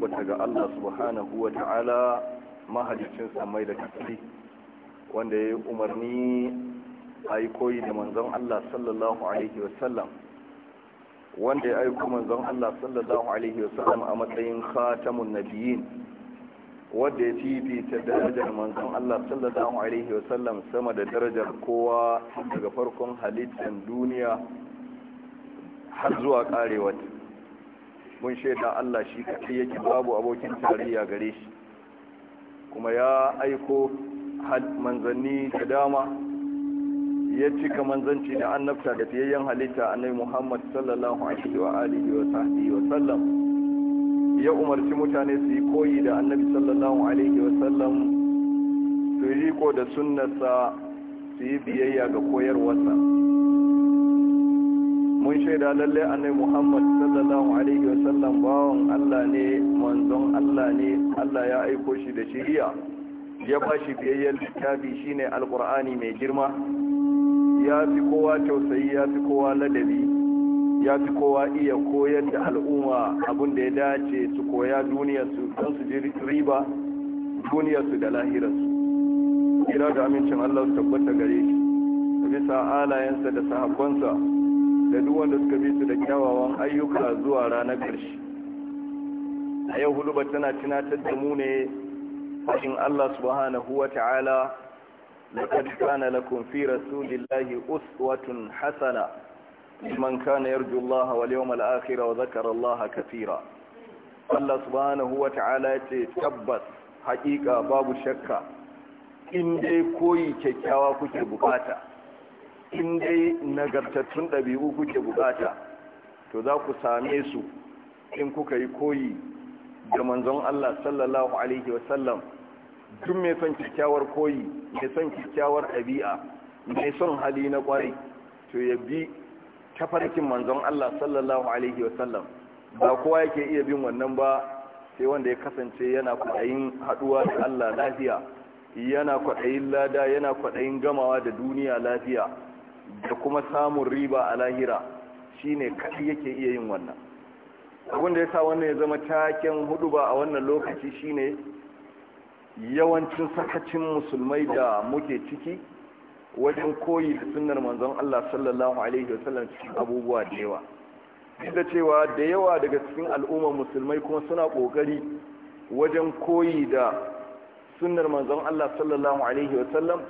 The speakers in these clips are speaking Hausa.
tabbata ga Allah subhanahu wa ta'ala mahalicin samai da kafi wanda ya yi umarni a yi koyi da manzon Allah sallallahu alaihi wasallam wanda ya aiko manzon Allah sallallahu alaihi wasallam a matsayin khatamun nabiyyin wanda ya ta darajar manzon Allah sallallahu alaihi wasallam sama da darajar kowa daga farkon halittar duniya har zuwa karewata mun shaida Allah shi kaɗai yake babu abokin tarayya gare shi kuma ya aiko manzanni da dama ya cika manzanci da annabta da fiyayyen halitta annabi Muhammad sallallahu alaihi wa alihi wa sahbihi wa sallam ya umarci mutane su yi koyi da annabi sallallahu alaihi wa sallam su riko da sunnarsa su yi biyayya ga koyarwarsa mun shaida lallai annabi Muhammad sallallahu alaihi wa sallam. bawon Allah ne manzon Allah ne Allah ya aiko shi da shiriya ya ba shi biyayyen littafi shine alqur'ani mai girma ya fi kowa tausayi ya fi kowa ladabi ya fi kowa iya koyar da al'umma abin da ya dace su koya duniyar su don su ji riba su da su kira da amincin Allah su tabbata gare shi bisa alayensa da sahabbansa da duk wanda suka bi su da kyawawan ayyuka zuwa ranar ƙarshe a yau huluba tana tunatar da mu ne fashin Allah subhanahu wa ta'ala laqad kana lakum fi rasulillahi uswatun hasana liman kana yarju Allah wal yawm al akhir wa dhakara Allah kathira Allah subhanahu wa ta'ala yace tabbas haqiqa babu shakka in dai koyi kyakkyawa kuke buƙata. in dai nagartattun ɗabi'u kuke buƙata, to za ku same su in kuka yi koyi da manzon Allah sallallahu alaihi wasallam tun mai son kyakkyawar koyi mai son kyakkyawar ɗabi'a mai son hali na ƙwari, to ya bi tafarkin manzon Allah sallallahu alaihi wasallam ba kowa yake iya bin wannan ba sai wanda ya kasance yana kwaɗayin haɗuwa da Allah lafiya yana kwaɗayin lada yana kwaɗayin gamawa da duniya lafiya da kuma samun riba a lahira shine kaɗai yake iya yin wannan abin da ya sa wannan ya zama taken hudu ba a wannan lokaci shine yawancin sakacin musulmai da muke ciki wajen koyi da sunnar manzon Allah sallallahu alaihi wasallam cikin abubuwa da yawa duk da cewa da yawa daga cikin al'ummar musulmai kuma suna kokari wajen koyi da sunnar manzon Allah sallallahu alaihi wasallam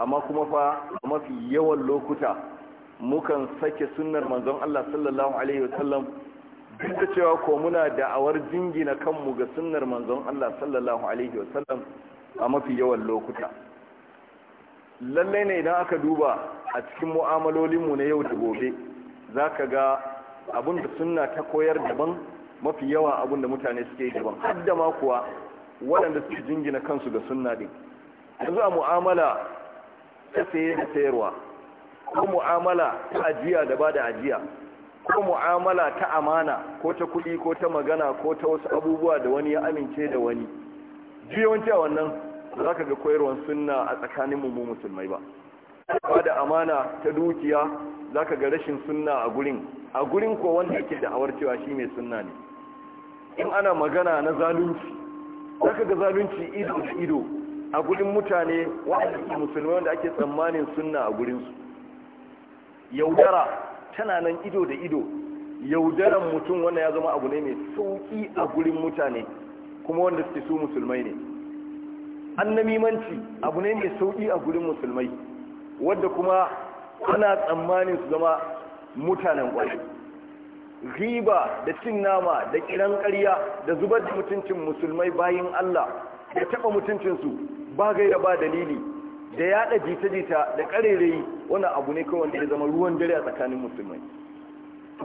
amma kuma fa mafi yawan lokuta mukan sake sunnar manzon Allah sallallahu alaihi wasallam duk da cewa ko muna da'awar jingina kanmu ga sunnar manzon Allah sallallahu alaihi wasallam a mafi yawan lokuta lalle ne idan aka duba a cikin mu'amalolinmu na yau da gobe zaka ga abin da sunna ta koyar daban mafi yawa abin da mutane suke yi daban har da ma kuwa waɗanda suke jingina kansu ga sunna din yanzu a mu'amala ta saye da sayarwa ko mu'amala ta ajiya da ba da ajiya ko mu'amala ta amana ko ta kuɗi ko ta magana ko ta wasu abubuwa da wani ya amince da wani jiyawanci a wannan za ka ga koyarwar sunna a tsakanin mu musulmai ba ba da amana ta dukiya za ka ga rashin sunna a gurin a gurin ko wanda yake da awar cewa shi mai sunna ne in ana magana na zalunci za ka ga zalunci ido da ido a gurin mutane waɗanda musulmai wanda ake tsammanin sunna a gurinsu yaudara tana nan ido da ido yaudaran mutum wanda ya zama abu ne mai sauƙi a gurin mutane kuma wanda suke su musulmai ne annamimanci abu ne mai sauƙi a gurin musulmai wadda kuma ana tsammanin su zama mutanen ƙwarai riba da cin nama da kiran ƙarya da zubar da mutuncin musulmai bayan Allah da taɓa mutuncinsu ba gaira ba dalili da yaɗa jita-jita da ƙarerayi wani abu ne kawai da ya zama ruwan dare a tsakanin musulmai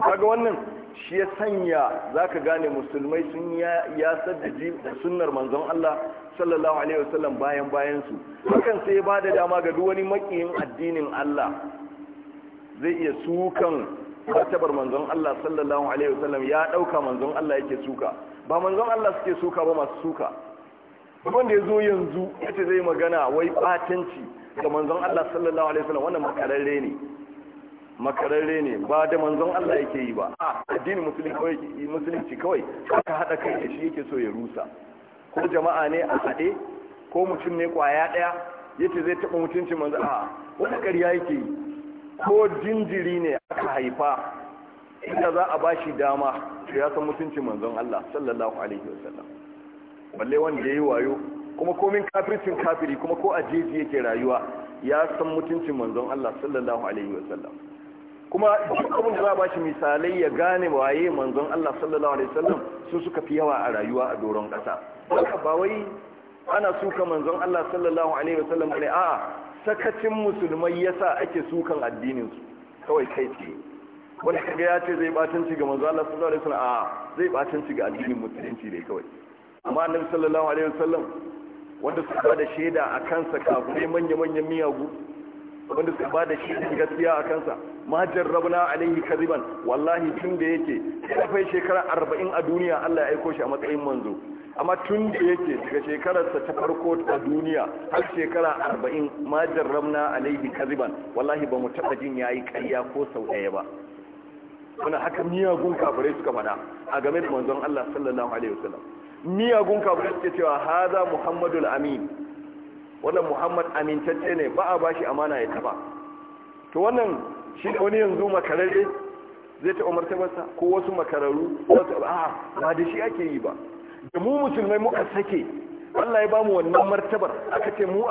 kaga wannan shi ya sanya zaka gane musulmai sun ya ji da sunnar manzon Allah sallallahu alaihi wasallam bayan bayan su hakan sai ba da dama ga duwani wani makiyin addinin Allah zai iya sukan martabar manzon Allah sallallahu alaihi wasallam ya dauka manzon Allah yake suka ba manzon Allah suke suka ba masu suka wanda ya zo yanzu ya ce zai magana wai batanci ga manzon Allah sallallahu alaihi wasallam wannan makararre ne makararre ne ba da manzon Allah yake yi ba addinin musulunci kawai musulunci kawai aka hada kai da shi yake so ya rusa ko jama'a ne a hade ko mutum ne kwaya daya yace zai taba mutunci manzo a wani ƙarya yake yi ko jinjiri ne aka haifa inda za a bashi dama to ya san mutuncin manzon Allah sallallahu alaihi wasallam balle wanda yi wayo kuma komin kafircin kafiri kuma ko a jeji yake rayuwa ya san mutuncin manzon Allah sallallahu alaihi wa sallam kuma duk abin da za ba shi misalai ya gane waye manzon Allah sallallahu alaihi wa sallam su suka fi yawa a rayuwa a doron kasa haka ba wai ana suka manzon Allah sallallahu alaihi wa sallam ne a'a sakacin musulmai yasa ake sukan addinin su kawai kai ce wani kaga ya ce zai batanci ga manzon Allah sallallahu alaihi wa sallam a'a zai batanci ga addinin musulunci ne kawai amma annabi sallallahu alaihi wasallam wanda suka bada shaida a kansa kafirai manya-manyan miyagu wanda suka bada shaida gaskiya a kansa ma jarrabna alaihi kariban wallahi tun da yake da kai shekara 40 a duniya Allah ya aiko shi a matsayin manzo amma tun da yake daga shekararsa ta farko ta duniya har shekara 40 ma jarrabna alaihi kariban wallahi ba mu taba jin yayi ƙarya ko sau ɗaya ba wannan haka miyagun kafirai suka faɗa a game da manzon Allah sallallahu alaihi wasallam miyagun kafirai suke cewa haza muhammadul amin wannan muhammad amintacce ne ba a bashi amana ya taba to wannan shi da wani yanzu makararre zai taɓa martabarsa ko wasu makararru a ba da shi ake yi ba da mu musulmai muka sake Allah ya bamu wannan martabar aka ce mu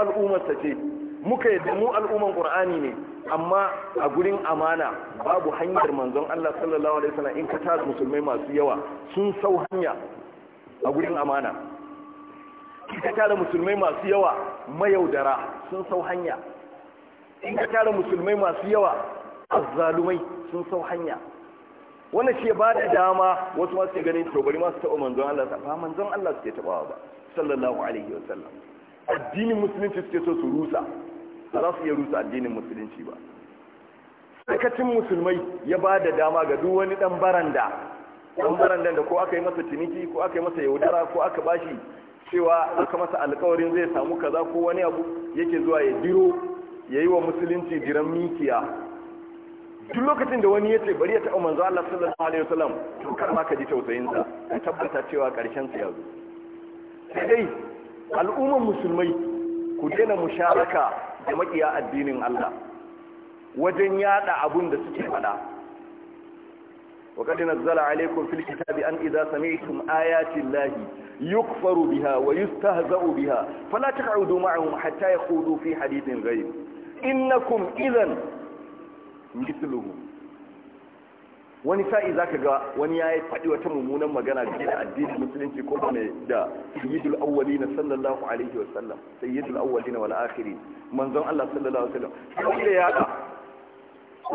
ta ce muka yadda mu al'umman qur'ani ne amma a gurin amana babu hanyar manzon Allah sallallahu alaihi wasallam in ka tara musulmai masu yawa sun sau hanya a gurin amana ka tara musulmai masu yawa mayaudara sun sau hanya in ka tara musulmai masu yawa azzalumai sun sau hanya wannan ce ba da dama wasu masu ganin tobari bari masu taɓa manzon Allah ba manzon Allah suke taɓa ba sallallahu alaihi wa sallam addinin musulunci suke so su rusa ba za su iya rusa addinin musulunci ba sakacin musulmai ya ba da dama ga duk wani dan baranda dan baran da ko aka yi masa ciniki ko aka yi masa yaudara ko aka bashi cewa aka masa alkawarin zai samu kaza ko wani abu yake zuwa ya diro ya yi wa musulunci jiran mikiya duk lokacin da wani ya ce bari ya taɓa manzo Allah sallallahu alaihi wasallam to kar ma ka ji tausayinsa ka tabbata cewa ƙarshen sa ya zo sai dai al'umman musulmai ku daina musharaka da makiya addinin Allah wajen yada abun da suke faɗa وقد نزل عليكم في الكتاب أن إذا سمعتم آيات الله يكفر بها ويستهزأ بها فلا تقعدوا معهم حتى يخوضوا في حديث غير إنكم إذا مثلهم wani sa'i ka ga wani ya yi faɗi wata mummunan magana game da addinin musulunci ko ne da sayyidul awwali na sallallahu alaihi wasallam sayyidul awwali na Allah sallallahu alaihi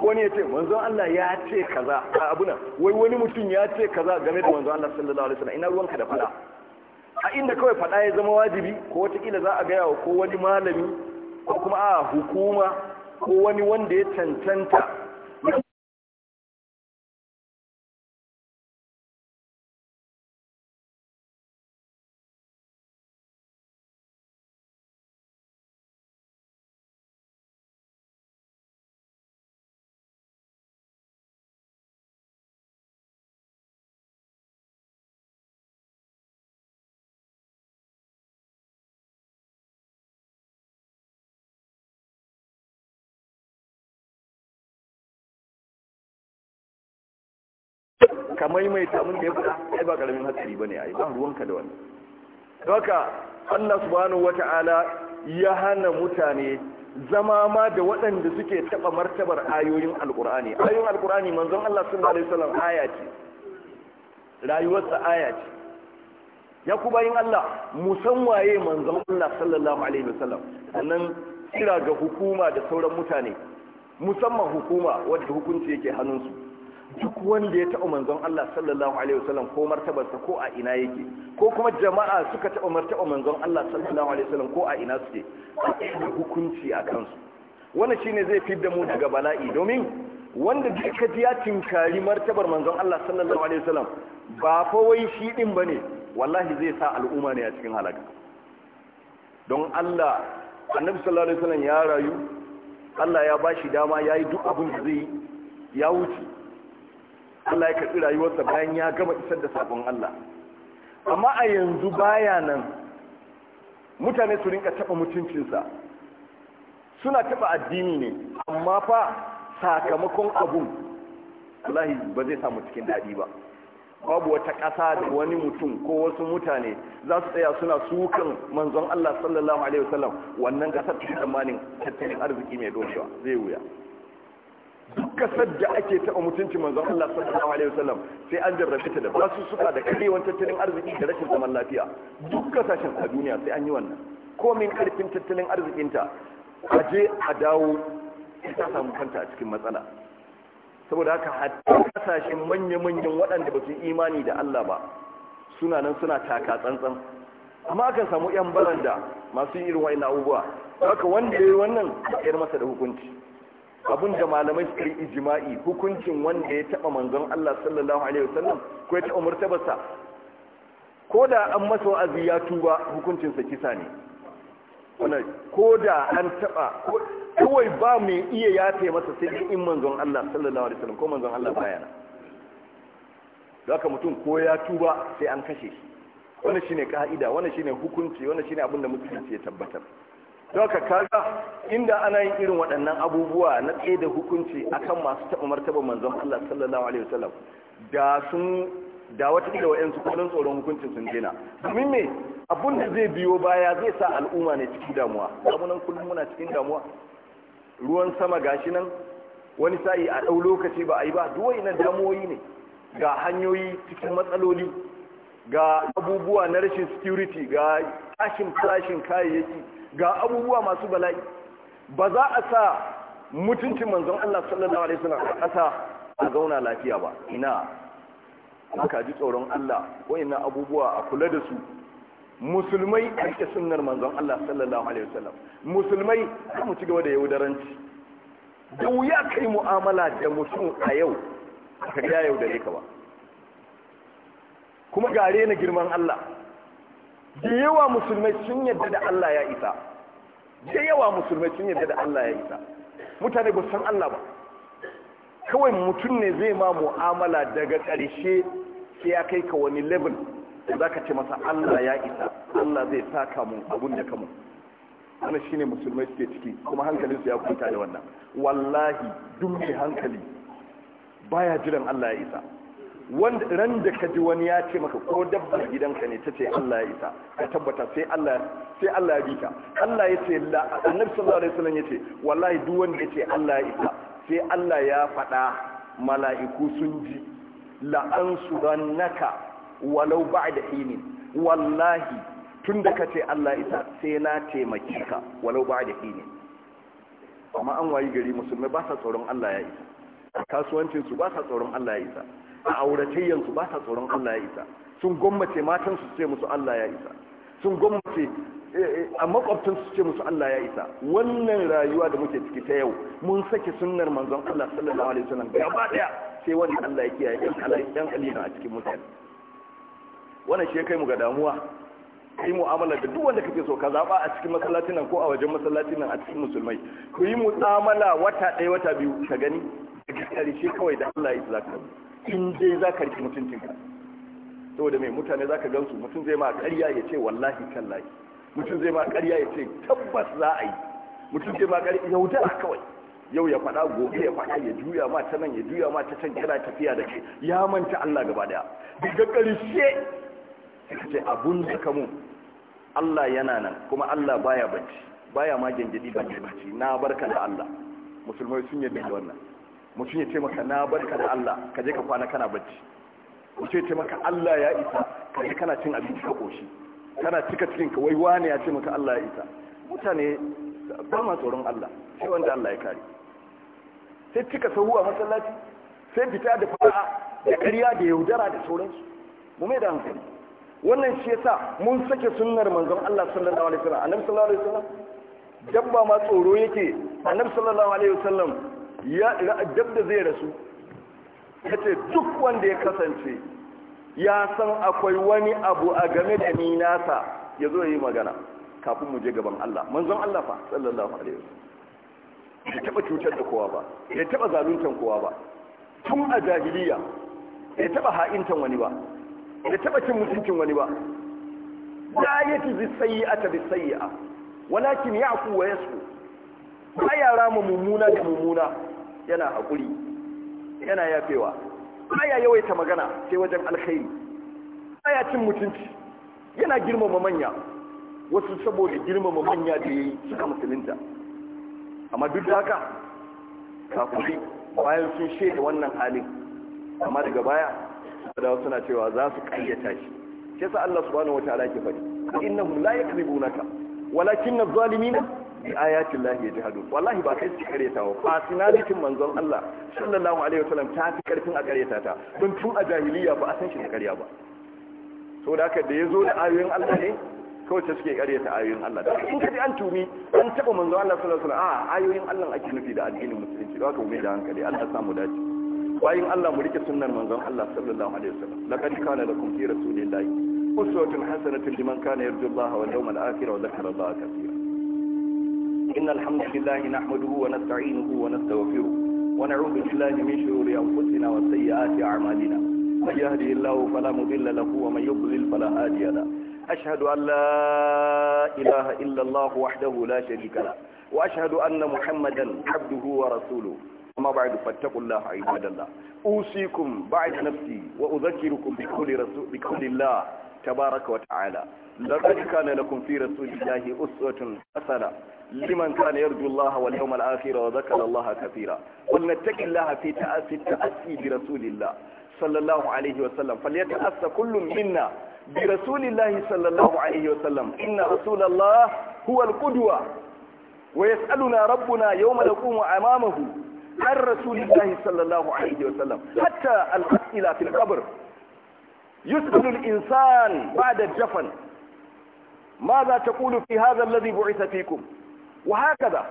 wani ya ce manzon Allah ya ce kaza a abuna wai wani mutum ya ce kaza game da manzon Allah sallallahu alaihi wasallam ina ruwanka da fada a inda kawai fada ya zama wajibi ko wataƙila za a gaya wa ko wani malami ko kuma a hukuma ko wani wanda ya cancanta ka maimaita mun da ya faɗa ai ba karamin hatsari bane ai ba ruwanka da wani. doka Allah subhanahu wata'ala ya hana mutane zama ma da waɗanda suke taɓa martabar ayoyin alkur'ani ayoyin alkur'ani manzon Allah sallallahu alaihi wasallam aya ce rayuwarsa aya ce ya ku bayin Allah musan waye manzon Allah sallallahu alaihi wasallam sannan kira ga hukuma da sauran mutane musamman hukuma wadda hukunci yake hannunsu duk wanda ya taɓa manzon Allah sallallahu alaihi wasallam ko martabarsa ko a ina yake ko kuma jama'a suka taɓa martaba manzon Allah sallallahu alaihi wasallam ko a ina suke da hukunci a kansu wannan shine zai fidda mu daga bala'i domin wanda duka ji ya tinkari martabar manzon Allah sallallahu alaihi wasallam ba fa wai shi din bane wallahi zai sa al'umma ne a cikin halaka don Allah annabi sallallahu alaihi wasallam ya rayu Allah ya bashi dama yayi duk abin da zai yi ya wuce Allah ya karɓi rayuwarsa bayan ya gama isar da sabon Allah amma a yanzu baya nan mutane su rinka taɓa mutuncinsa suna taɓa addini ne amma fa sakamakon abun Allah ba zai samu cikin daɗi ba babu wata ƙasa da wani mutum ko wasu mutane za su tsaya suna sukan manzon Allah sallallahu alaihi wasallam wannan ƙasar ta tsammanin tattalin arziki mai dorewa zai wuya duk kasar da ake taɓa mutunci manzon Allah sallallahu alaihi wasallam sai an jarrabe ta da basu suka da karewan tattalin arziki da rashin zaman lafiya duk sashen a duniya sai an yi wannan Ko min karfin tattalin arzikinta a je a dawo ta samu kanta a cikin matsala saboda haka hatta kasashen manya-manyan waɗanda ba su imani da Allah ba suna nan suna taka tsantsan amma akan samu 'yan baranda masu irin wa'ina abubuwa haka wanda ya yi wannan a masa da hukunci abin da malamai suka yi ijima'i hukuncin wanda ya taba manzon Allah sallallahu alaihi wasallam ko ya taba murtabarsa ko da an masa wa'azi ya tuba hukuncin sa kisa ne wannan ko da an taba kawai ba mai iya ta masa sai in manzon Allah sallallahu alaihi wasallam ko manzon Allah na? da haka mutum ko ya tuba sai an kashe shi wannan shine ka'ida wannan shine hukunci wannan shine abin da musulunci ya tabbatar don ka kaga inda ana yin irin waɗannan abubuwa na tsaye da hukunci akan masu taɓa martaba manzon Allah sallallahu alaihi wasallam da sun da wata kila wayansu kullun tsoron hukuncin sun jina domin me abun da zai biyo baya zai sa al'umma ne cikin damuwa kamar nan kullum muna cikin damuwa ruwan sama gashi nan wani sa'i a ɗau lokaci ba a yi ba duwai nan damuwoyi ne ga hanyoyi cikin matsaloli ga abubuwa na rashin security ga tashin tashin kayayyaki ga abubuwa masu bala'i ba za a sa mutuncin manzon Allah sallallahu alaihi wasallam a ƙasa a zauna lafiya ba ina aka ji tsoron Allah wayannan abubuwa a kula da su musulmai a rike sunnar manzon Allah sallallahu alaihi wasallam musulmai za mu ci gaba da yaudaranci da wuya kai mu'amala da mutum a yau ka ga yaudare ka ba kuma gare na girman Allah da yawa musulmai sun yadda da Allah ya isa da yawa musulmai sun yadda da Allah ya isa mutane ba san Allah ba kawai mutum ne zai ma mu'amala daga ƙarshe sai ya kai ka wani level da za ka ce masa Allah ya isa Allah zai saka mun abun da kamun wani shi musulmai suke ciki kuma su ya kuta da wannan wallahi duk hankali baya jiran Allah ya isa ran da ka ji wani ya ce maka ko dabbar gidanka ne ta ce Allah ya isa ka tabbata sai Allah sai Allah ya bika Allah ya ce la, annabi sallallahu alaihi wasallam ya ce wallahi duk wanda ya ce Allah ya isa sai Allah ya faɗa mala'iku sun ji la sudannaka walau ba'da hini wallahi tun da ka ce Allah isa sai na taimake ka walau ba'da hini amma an wayi gari musulmai ba sa tsoron Allah ya isa a kasuwancin su ba sa tsoron Allah ya isa a auratayyan su ba sa tsoron Allah ya isa sun gwammace matan su ce musu Allah ya isa sun gwammace eh, eh, a makwabtan su ce musu Allah ya isa wannan rayuwa da muke ciki ta yau mun sake sunnar manzon Allah sallallahu alaihi wasallam gaba daya sai wani Allah ya kiyaye yan Allah yan alina a cikin mutane wannan shi kai mu ga damuwa yi mu'amala da duk wanda kake so ka zaba a cikin masallacin nan ko a wajen masallacin nan a cikin musulmai ku yi mu'amala wata ɗaya wata biyu ka gani daga shi kawai da Allah ya zaka in dai zaka rike ka. saboda mai mutane zaka gansu mutum zai ma ƙarya ya ce wallahi tallahi mutum zai ma ƙarya ya ce tabbas za a yi mutum zai ma ƙarya ya wuta kawai yau ya faɗa gobe ya faɗa ya juya ma ta nan ya juya ma ta can yana tafiya da ke ya manta Allah gaba daya daga ƙarshe suka ce abun da ka mu Allah yana nan kuma Allah baya bacci baya ma gengedi bacci na barka da Allah musulmai sun yadda da wannan mutum ya ce maka na barka da Allah ka je ka kwana kana bacci mutum ya ce maka Allah ya isa ka je kana cin abinci ka koshi kana cika cikin ka wai wane ya ce maka Allah ya isa mutane ba ma tsoron Allah sai wanda Allah ya kare sai cika sahu a masallaci sai fita da fara da ƙarya da yaudara da sauransu mu mai da hankali wannan shi yasa mun sake sunnar manzon Allah sallallahu alaihi wasallam annabi sallallahu alaihi wasallam dabba ma tsoro yake annabi sallallahu alaihi wasallam ya dab da zai rasu ya ce duk wanda ya kasance ya san akwai wani abu a game da ni nasa ya zo yi magana kafin mu je gaban Allah manzon Allah fa sallallahu alaihi wasallam ya taba cutar da kowa ba ya taba zaluntan kowa ba tun a jahiliya ya taba ha'intan wani ba ya taba cin mutuncin wani ba la yajzi sayyi'ata bi sayyi'a walakin ya'fu wa yasfu ba yara rama mummuna da mummuna yana haƙuri yana yafewa baya yawaita magana sai wajen alkhairi baya cin mutunci yana girmama manya wasu saboda girmama manya da yayi suka musulunta amma duk da haka kafuri bayan sun shaida wannan halin amma daga baya da suna cewa za su kayyata shi shi sa Allah subhanahu wataala ke faɗi innahum la yakzibunaka walakin adh bi ayatin lahi ya jihadu wallahi ba kai su kareta wa fasinalitin manzon Allah sallallahu alaihi wasallam ta fi karfin a kareta ta don tun a jahiliya ba a san shi da karya ba so da haka da ya zo da ayoyin Allah ne kawai ta suke kareta ayoyin Allah da in kaji an tumi an taba manzon Allah sallallahu alaihi wasallam a ayoyin Allah ake nufi da addinin musulunci da haka mu da hankali Allah samu dace bayin Allah mu rike sunnar manzon Allah sallallahu alaihi wasallam laqad kana lakum fi rasulillahi uswatun hasanatun liman kana yarju Allah wal yawmal akhir wa dhakara Allah kaseera إن الحمد لله نحمده ونستعينه ونستغفره ونعوذ بالله من شرور أنفسنا وسيئات أعمالنا من يهده الله فلا مضل له ومن يضلل فلا هادي له أشهد أن لا إله إلا الله وحده لا شريك له وأشهد أن محمدا عبده ورسوله أما بعد فاتقوا الله عباد الله أوصيكم بعد نفسي وأذكركم بقول, رسول بقول الله تبارك وتعالى لقد كان لكم في رسول الله أسوة حسنة لمن كان يرجو الله واليوم الآخر وذكر الله كثيرا ولنتق الله في تأسي التأسي برسول الله صلى الله عليه وسلم فليتأسى كل منا برسول الله صلى الله عليه وسلم إن رسول الله هو القدوة ويسألنا ربنا يوم نقوم أمامه عن رسول الله صلى الله عليه وسلم حتى الأسئلة في القبر يسأل الإنسان بعد الجفن ماذا تقول في هذا الذي بعث فيكم وهكذا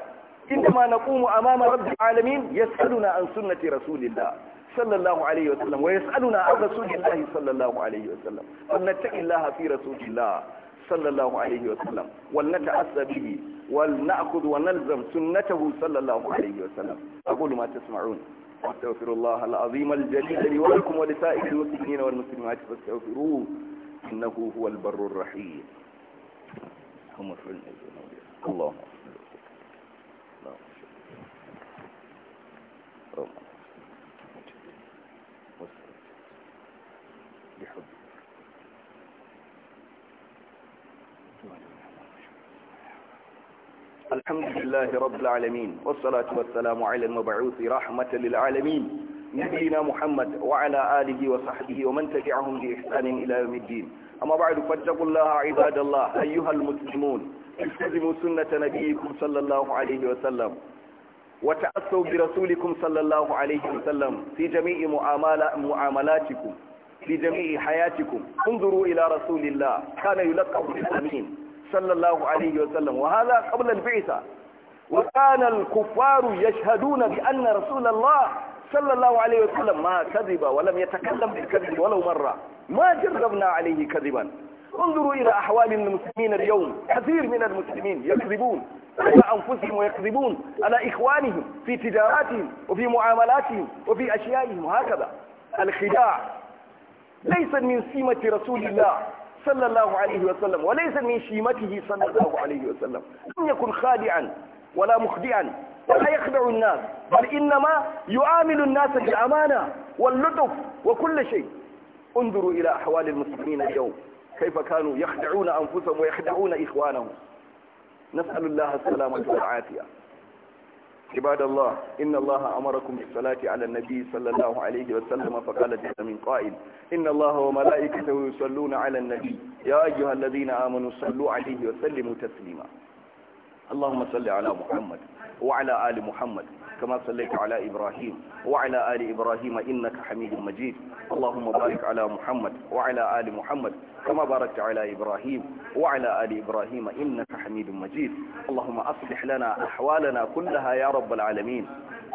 عندما نقوم أمام رب العالمين يسألنا عن سنة رسول الله صلى الله عليه وسلم ويسألنا عن رسول الله صلى الله عليه وسلم فلنتق الله في رسول الله صلى الله عليه وسلم ولنتأسى به ولنأخذ ونلزم سنته صلى الله عليه وسلم أقول ما تسمعون واستغفر الله العظيم الجليل لي ولكم ولسائر المسلمين والمسلمات فاستغفروه إنه هو البر الرحيم اللهم اللهم بحب الحمد لله رب العالمين والصلاة والسلام على المبعوث رحمة للعالمين نبينا محمد وعلى آله وصحبه ومن تبعهم بإحسان إلى يوم الدين أما بعد فاتقوا الله عباد الله أيها المسلمون التزموا سنة نبيكم صلى الله عليه وسلم وتأسوا برسولكم صلى الله عليه وسلم في جميع معاملاتكم في جميع حياتكم انظروا إلى رسول الله كان يلقب بالأمين صلى الله عليه وسلم وهذا قبل البعثة وكان الكفار يشهدون بأن رسول الله صلى الله عليه وسلم ما كذب ولم يتكلم بالكذب ولو مرة ما جربنا عليه كذبا انظروا إلى أحوال المسلمين اليوم كثير من المسلمين يكذبون على أنفسهم ويكذبون على إخوانهم في تجاراتهم وفي معاملاتهم وفي أشيائهم وهكذا الخداع ليس من سمة رسول الله صلى الله عليه وسلم وليس من شيمته صلى الله عليه وسلم لم يكن خادعا ولا مخدعا ولا يخدع الناس بل إنما يعامل الناس بالأمانة واللطف وكل شيء انظروا إلى أحوال المسلمين اليوم كيف كانوا يخدعون أنفسهم ويخدعون إخوانهم نسأل الله السلامة والعافية عباد الله إن الله أمركم بالصلاة على النبي صلى الله عليه وسلم فقال جل من قائل إن الله وملائكته يصلون على النبي يا أيها الذين آمنوا صلوا عليه وسلموا تسليما اللهم صل على محمد وعلى آل محمد كما صليت على إبراهيم وعلى آل إبراهيم إنك حميد مجيد اللهم بارك على محمد وعلى آل محمد كما باركت على إبراهيم وعلى آل إبراهيم إنك حميد مجيد اللهم أصلح لنا أحوالنا كلها يا رب العالمين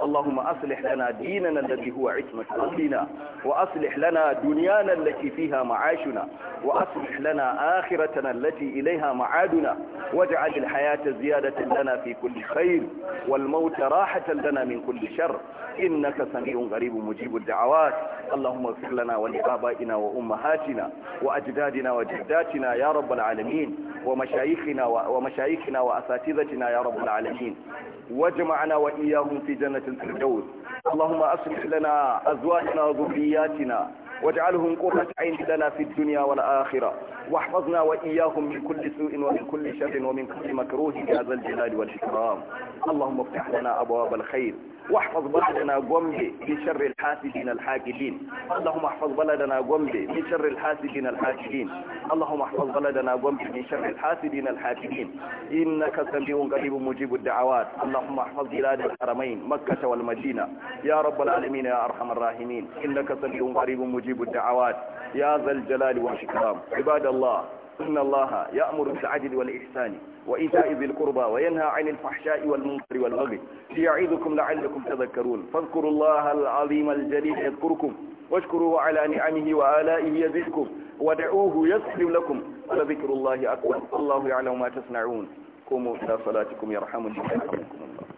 اللهم أصلح لنا ديننا الذي هو عصمة أمرنا وأصلح لنا دنيانا التي فيها معاشنا وأصلح لنا آخرتنا التي إليها معادنا واجعل الحياة زيادة لنا في كل خير والموت راحة لنا من كل شر إنك سميع غريب مجيب الدعوات اللهم اغفر لنا ولآبائنا وأمهاتنا وأجدادنا وجداتنا يا رب العالمين ومشايخنا ومشايخنا وأساتذتنا يا رب العالمين واجمعنا وإياهم في جنة الفردوس اللهم أصلح لنا أزواجنا وذرياتنا واجعلهم قرة عين لنا في الدنيا والآخرة واحفظنا وإياهم من كل سوء ومن كل شر ومن كل مكروه يا ذا الجلال والإكرام اللهم افتح لنا أبواب الخير واحفظ بلدنا قومي من شر الحاسدين الحاكدين اللهم احفظ بلدنا قومي من شر الحاسدين الحاكدين اللهم احفظ بلدنا قومي من شر الحاسدين الحاكدين إنك سميع قريب مجيب الدعوات اللهم احفظ بلاد الحرمين مكة والمدينة يا رب العالمين يا أرحم الراحمين إنك سميع قريب مجيب مجيب الدعوات يا ذا الجلال والإكرام عباد الله إن الله يأمر بالعدل والإحسان وإيتاء ذي القربى وينهى عن الفحشاء والمنكر والبغي ليعيذكم لعلكم تذكرون فاذكروا الله العظيم الجليل يذكركم واشكروه على نعمه وآلائه يزدكم ودعوه يسلم لكم ولذكر الله أكبر الله يعلم ما تصنعون قوموا إلى صلاتكم يرحمني ويرحمكم الله